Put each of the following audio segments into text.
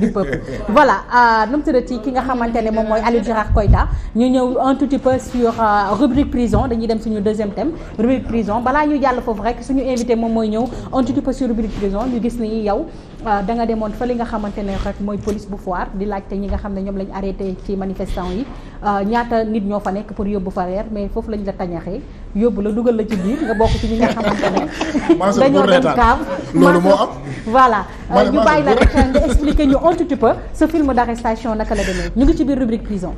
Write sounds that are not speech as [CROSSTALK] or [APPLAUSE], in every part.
du peuple voilà euh, nu ki nga xamante ne moom mooy Aliou Gérard Koïta ñu ñëw en tout petit peu sur euh, rubrique prison dañuy dem suñu deuxième thème rubrique prison balaa ñu jàll foofu rek suñu invité moom mooy ñëw un tout petit peu sur rubrique prison ñu gis ni yow Euh, da nga demoon fa li nga xamante ne rek mooy police bu foire di laajte ñi nga xam ne ñoom lañ arrêté ci manifestant yi euh, ñaata nit ñoo fa nekk pour yóbbu fa reer mais foofu lañ la tañaxee yóbbu la dugal la ci biir nga bokk ci ñi nga xamante ne [LAUGHS] dañoo dem kaam loolu moo am voilà euh, ñu bàyyi la rek nga expliquer ñu un petit peu ce film d'arrestation naka la demee ñu ngi ci biir rubrique prison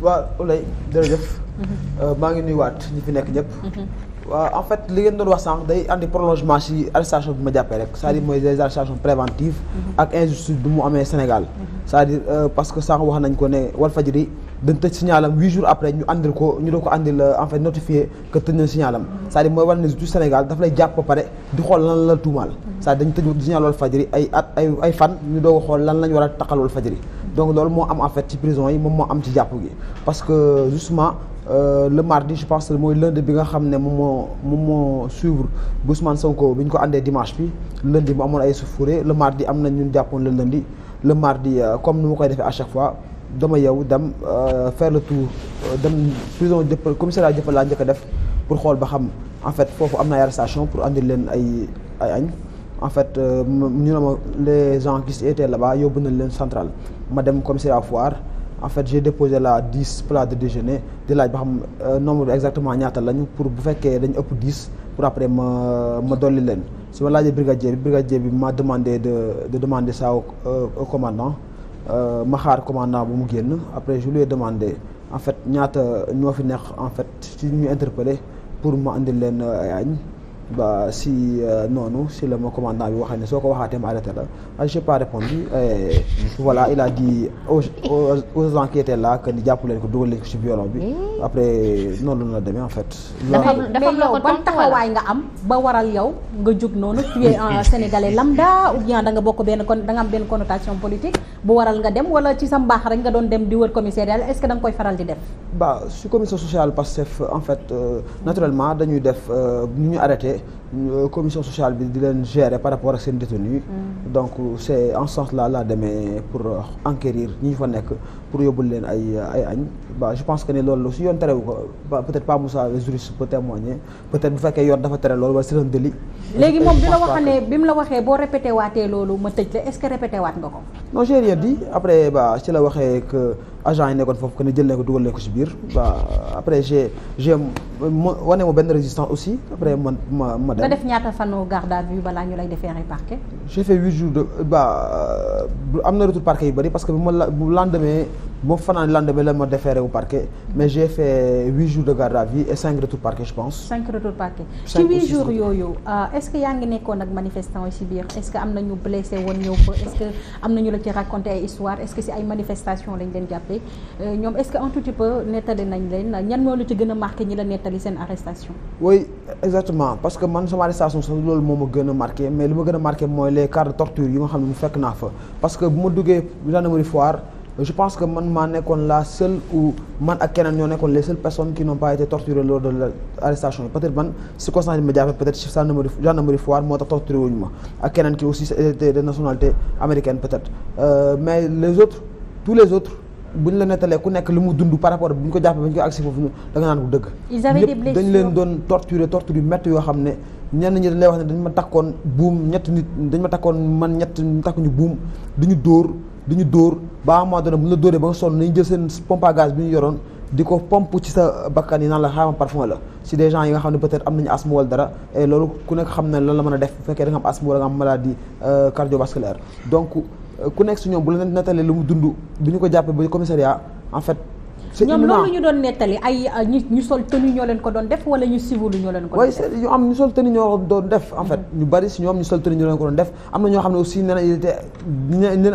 waaw Oulaye jërëjëf mhm. maa ngi nuyuwaat ñi fi nekk ñëpp mhm. waaw en li ngeen doon wax sànq day andi prolongement ci arrestation bi ma jàppee rek c'est-à-dire mooy des arrestations préventives ak injustice bi mu amee Sénégal c'est-à-dire euh, parce que sànq wax nañ ko ne faj Walfadjri dañ tëj signalam huit jours après ñu andil ko ñu doo ko andil euh, en fait notifié que tëj na signalam c'est-à-dire mooy wane ne Sénégal daf lay jàpp ba pare di xool lan la tuumaal c'est-à-dire dañu tëj signal Walfadjri ay at ay ay fan ñu doo a xool lan lañ war a taqal Walfadjri donc loolu moo am en fait ci prison yi moom moo am ci jàpp gi parce que justement Euh, le mardi je pense mooy lundi bi nga xam ne moom moo moom moo suivre Ousmane Sonko bi ñu ko àndee dimanche bi lundi mu amoon ay sufure le mardi am na ñun jàppoon le lundi le mardi euh, comme nu ma koy defee à chaque fois dama yow dem euh, faire le tour dem prison jëppal commissariat jëppal laa njëkk a def pour xool ba xam en fait foofu am na ay arrestation pour andi leen ay ay añ en fait ñu ne ma les gens qui étaient là yóbbu nañ leen centrale ma dem commissariat foire en fait j'ai déposé là dix plats de déjeuner di laaj ba xam euh, nombre bi exactement ñaata lañu pour bu fekkee dañu ëpp dix pour après ma ma dolli leen su ma laajee brigadier bi brigadier bi ma demandé de de demander ça au, euh, au commandant euh, ma xaar commandant bu mu génn après je lui en fait ñaata ñoo fi nekk en fait ci ñu interpellé pour ma indi leen euh, ay ba si euh, noonu si la ma commandant bi waxee ne soo ko waxaatee ma arrêté la ah j'ai pas répondu eh, voilà il a dit aux aux enquêteurs là que ni jàpp leen ko dugal leen ko si violon bi après noonu la demee en fait. dafa dafa yow ban taxawaay nga am ba waral yow nga jóg noonu tu es un sénégalais lambda ou bien nga bokk benn kon da nga am benn connotation politique bu waral nga dem wala ci sa mbaax rek nga doon dem di wër commissariat est-ce que da koy faral di def. ba su commission sociale en fait euh, naturellement dañuy def euh, ñu arrêté. gérer euh, commission sociale bi di leen gérer par rapport ak seen détenu mm. donc c' en sens là laa demee pour euh, enquérir ñi fa nekk pour yóbbul leen ay ay añ ba je pense que ne loolu su yoon terewu ko peut-être pas Moussa le peut témoigner peut-être bu fekkee yoon dafa tere loolu wala c'est un délit léegi moom bi la waxee bi mu la waxee boo répété waatee loolu ma tëj la est-ce que répété waat nga ko non j'ai rien après ba ci la waxee que agent yi nekkoon foofu que ne jël nañ ko dugal nañ ko si biir ba après j'ai j'ai wane ma benn résistance aussi après man ma ma dem nga def ñaata fanu garde à vue balaa lay déférer parquet j'ai fait huit jours de ba euh, am na retour parquet yu bëri parce que ma la bu lendemain boo fanaan lendemain la ma déféré au parquet mais j'ai fait huit jours de garde à vue cinq retours parquet je pense. cinq retours parquet ci huit jours yooyu euh, est-ce que yaa ngi nekkoon ak manifestant yi biir est-ce que am na ñu blessé woon ñëw fa est-ce que am na ñu la ci raconté ay histoire est-ce que ci ay manifestation lañ leen jàppee euh, ñoom est-ce que un tout petit nettali nañ leen ñan moo ci gën a marqué ñi la nettali seen arrestation. oui exactement je pense que man maa nekkoon la seule ou man ak keneen ñoo nekkoon les seules personnes qui n'ont pas été torturées lors de l'arrestation yi peut-être man circonstance yi ma jàppe peut-être chef gendarmerie foire moo tax torturé wuñu ma ak keneen ki aussi était de nationalité américaine peut euh, mais les autres tous les autres bu ñu la nettalee ku nekk li mu dund par rapport bu ñu ko jàppee ba ñu ko agsi foofu da nga naan ko dëgg. ils avaient des blessures dañ leen doon torturer torture yu métti yoo xam ne ñenn ñi dañ lay wax ne dañ ma duñu dóor ba à un moment dóoree ba nga sonn nañu jël seen pompe à bi ñu yoroon di ko pompe ci sa bakkan yi naan la xaaral parfum la si des gens yi nga xam ne peut am ne lan la mën a def bu fekkee da nga am asthme wala nga euh, euh, ñu ko jàppee ba commissariat en fait. c'est ñoom loolu ñu doon ko doon def wala ñu civil ñoo ñoo doon def mm-hmm. ñoo am na ñoo xam ne aussi nee nañ leen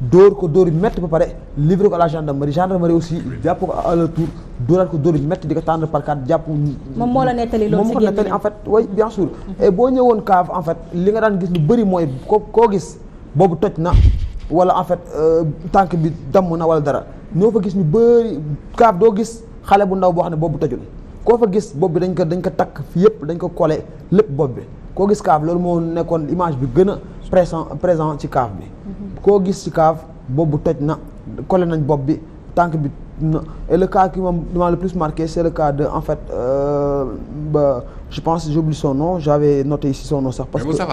dóor ko dóor yi métti ba pare livré ko à la gendarmerie gendarmerie aussi jàpp ko à leur tour dóoraat ko dóor yi métti di ko tendre par carte jàpp. moom moom moo ko nettali en fait oui bien sûr. et boo ñëwoon kaaf en fait li nga daan gis lu bëri mooy ko koo gis boobu toj na wala en fait euh, tànk bi damm na wala dara ñoo fa gis ñu bëri kaaf doo gis xale bu ndaw boo xam ne boobu tojul koo fa gis bopp bi dañ ko dañ ko takk fii yëpp dañ ko collé lépp bopp bi koo gis kaaf loolu moo nekkoon image bi gën a présent présent ci kaaf bi. Mhm. koo gis ci kaaf boobu toj na collé nañ bopp bi tànk bi na et le cas qui m'a le plus marqué c'est le cas de en fait euh, bah, je pense j'oublie son nom j'avais noté ici son sax parce que ça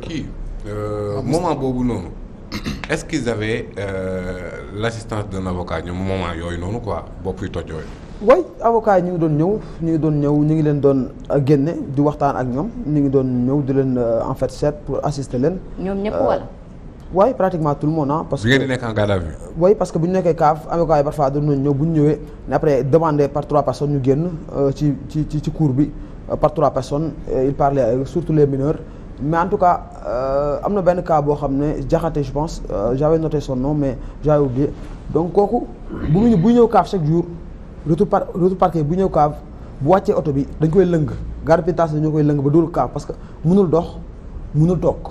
kii mhm. euh, euh, ah, moment boobu noonu [CLEARS THROAT] est-ce qu'ils avaient euh, l'assistance d'un avocat ñoom moment yooyu noonu quoi bopp yi toj yooyu way avocat ñu ngi doon ñëw ñu ngi doon ñëw ñu ngi leen doon euh, génne di waxtaan ak ñoom ñu ngi doon ñëw di leen en fait set pour assister leen ñoom ñëpp wala waaye pratiquement tout le monde ah. parce que bi ngeen di nekk en garde à vue. waaye parce que bu ñu nekkee kaaf avocat yi parfois dañu ñëw bu ñu ñëwee après demandé par trois personnes ñu génn euh, ci ci ci ci cour bi euh, par trois personnes il parlait surtout les mineurs. mais en tout cas euh, am na benn cas boo xam ne jaxate je pense j'avais noté son nom mais j'avais oublié donc kooku bu mu bu ñëw kaaf chaque jour retour par retour parquet bu ñëw kaaf bu wàccee oto bi dañ koy lëng garde pénitentiaire dañoo koy lëng ba dul kaaf parce que mënul dox mënul toog.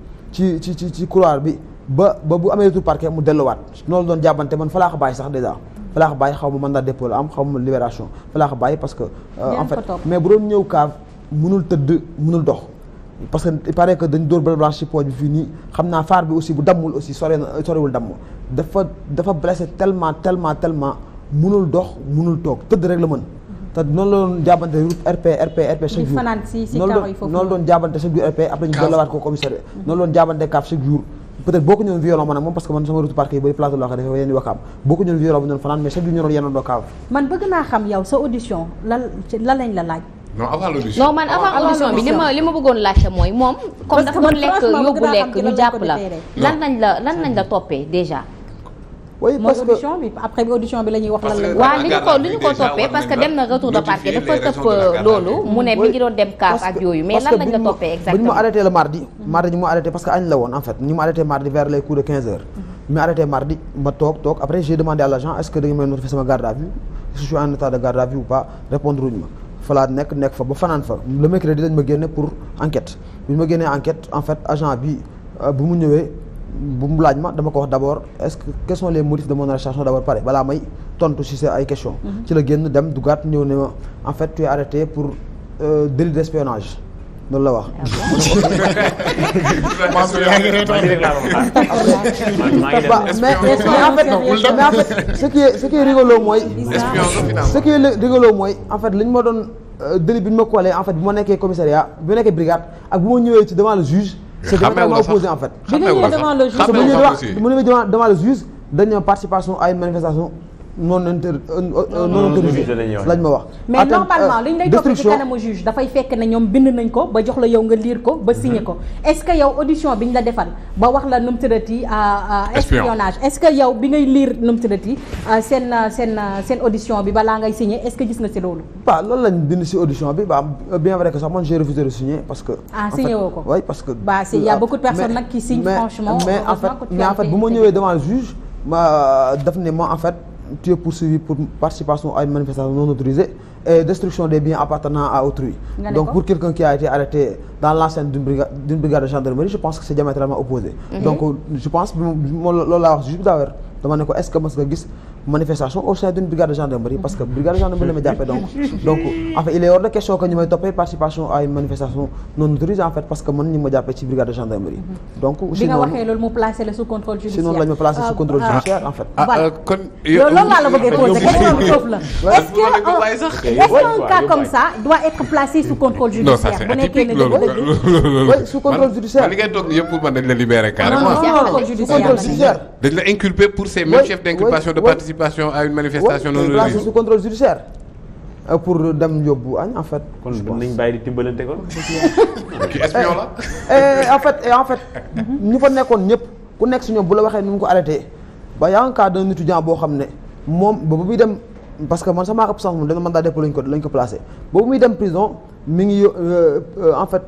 ci ci ci ci couloir bi ba ba bu amee retour parquet mu delluwaat noonu doon jàppante man fa laa bàyyi sax dèjà. fa laa bàyyi xaw ma mandat dépôt la am xaw ma libération fa laa ko bàyyi parce que. Euh, en mais bu doon ñëw kaaf mënul tëdd mënul dox. parce que il paraît que dañ dóor bal blanche ci pooj bi fii nii xam naa faar bi aussi bu dammul aussi sore na sorewul damm dafa dafa blessé tellement tellement tellement mënul dox mënul toog tëdd rek la mën. te noonu la doon jàppante route RP RP RP chaque jour noonu doon jàppante chaque jour RP après ñu delluwaat ko commissariat noonu la doon jàppante kaaf chaque jour peut boo ko ñoon violon man ak moom parce que man sama route parquet yi bari place de l'Oka dafa yenn wakaam boo ko ñoon violon bu ñoon fanaan mais chaque jour ñu doon yenn doo kaaf man bëgg naa xam yow sa audition lan lan lañ la laaj non avant oh, audition bi li ma li ma bëggoon laajte mooy moom comme dafa doon lekk yóbbu lekk la lan toppee déjà oui parce que audition bi bi la ñuy wax lan la. dem na retour de parquet dafa tëpp loolu. mu ne mi ngi doon dem kaaf ak yooyu. mais lan lañ la ñu ma arrêté le mardi. Mhm. mardi ñu ma arrêté parce que añ la woon en fait ñu ma arrêté mardi vers les coups de 15 heures. ñu mhm. ma arrêté mardi ma toog toog après j'ai demandé à l'agent est-ce que da nga may notifier sama garde à vue pas répondre wuñ ma. falaa nekk nekk fa ba fanaan fa le mercredi lañ ma génne pour enquête bi ñu ma génnee enquête en fait agent bi euh, bu mu ñëwee bu mu ma dama ko wax d' abord est ce que quels sont les motifs de mon arrestation d' pare balaa may tontu si sa ay question mhm. ci la génn dem dugaat ñëw ne ma en fait tu es arrêté pour euh, d' espionnage loolu la wax. Ah [LAUGHS] mais en fait ce mooy. ce qui est rigolo mooy en fait ma doon euh, délit bi ñu ma collé en fait ma nekkee commissariat bu ma nekkee brigade ak bu ma ñëwee ci devant le juge. c'est diamétralement opposé en fait. xamee wu la sax xamee wu la sax aussi devant le juge dañu participation à non inter euh, euh, non autorisé lañ ma wax. mais normalement euh, liñ lay toppee ci kanamu juge dafay fekk ne ñoom bind nañ ko ba jox la yow nga liir ko ba signé mhm. ko est-ce que yow audition la defal ba wax la nu mu tëddati. espionnage est bi ngay liir nu mu tëddati seen seen seen audition bi balaa ngay signé est-ce que gis nga ci loolu. waaw loolu lañ bind ci audition bi ba bien vrai que sax man j'ai refusé de parce que. ah signé ko oui parce que. waaw si y a beaucoup nag qui signent en fait mais en fait bu ma ñëwee devant le tu es poursuivi pour participation à une manifestation non autorisée et destruction des biens appartenant à autrui. donc pour quelqu'un qui a été arrêté dans l'enceinte d'une brigade de gendarmerie je pense que c'est diamétralement opposé. Mhm. donc je pense bi moom loolu laa juste d'ailleurs dama ko est-ce que mos nga gis. manifestation au sein d'une brigade de gendarmerie parce que brigade de gendarmerie la ma jàppee donc donc il est hors de question que ñu may toppee participation à non autorisée en fait parce man ñu ma jàppee ci brigade de si mhm. nga waxee loolu mu placé la sous contrôle judiciaire sinon lañ ma placé sous contrôle ah, ah. judiciaire en fait. Ah, voilà euh, kon yow loolu laa la bëggee posé question bi foofu li ngay toog yëpp pour man dañ la libéré carrément. sous contrôle judiciaire dañ la inculpé pour ces participation à une manifestation non relevée sous contrôle judiciaire euh, pour dem yóbbu añ en fait. kon nañ bàyyi di timbalante kon. kii espion la. [LAUGHS] Eh, eh, fait ñu fa nekkoon ñëpp ku nekk si ñoom bu la waxee nu mu ko arrêté ba y a un cas d'un étudiant boo xam ne moom ba muy dem parce que man sama absence moom man mandat dépôt lañ ko lañ ko placé ba muy dem prison mi ngi euh, euh, en fait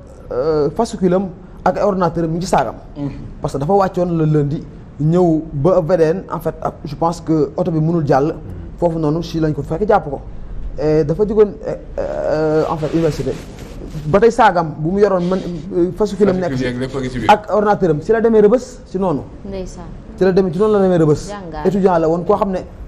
fasciculum ak ordinateur mi ngi ci saagam. Mm-hmm. parce que dafa wàccoon le lundi. ñëw ba VDN en fait ak je pense que oto bi mënul jàll. foofu noonu si lañ ko fekk jàpp ko. dafa jógoon eh, eh, en fait université ba tey saagam bu mu yoroon man eh, fasu filam nekk ak ordinateur am si la demee rëbës si noonu. ndeysaan si la demee ci noonu la demee rëbës. étudiant la woon koo xam ne.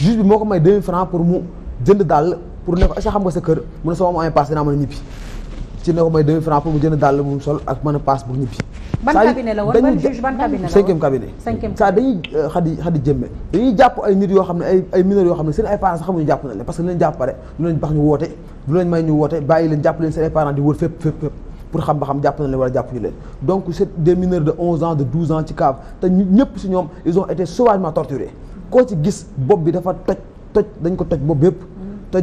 juge bi moo ko may 2000 francs pour mu jënd dàll pour ne ko xam nga sa kër mu ne sama moyen passe dinaa mën a ñibbi ci ne ko may 2000 francs pour mu jënd dàll bu mu sol ak mën a passe pour ñibbi. dañuy xadi xadi jëmme dañuy jàpp ay nit yoo xam ne ay ay yoo xam ne seen ay parents xamuñu jàpp na leen parce que leen jàpp pare leen bax ñu woote leen may ñu woote bàyyi leen jàpp leen seen ay parents di wër fépp fépp pour xam ba xam jàpp na leen wala jàppuñu leen donc c'est de 11 ans koo ci gis bopp bi dafa toj toj dañ ko toj bopp yëpp. Mm. te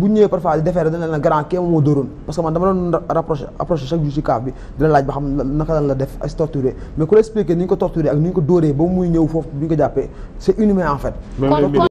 bu ñëwee parfois di defeere dana la grand kee moo dóoroon parce que man dama doon rapproché approché chaque jour ci kaaf bi dina laaj ba xam naka lan la def ay torturé mais ku la expliqué ni ñu ko torturé ak ni ñu ko dóoree ba muy ñëw foofu bi ñu ko jàppee c'est inhumain en fait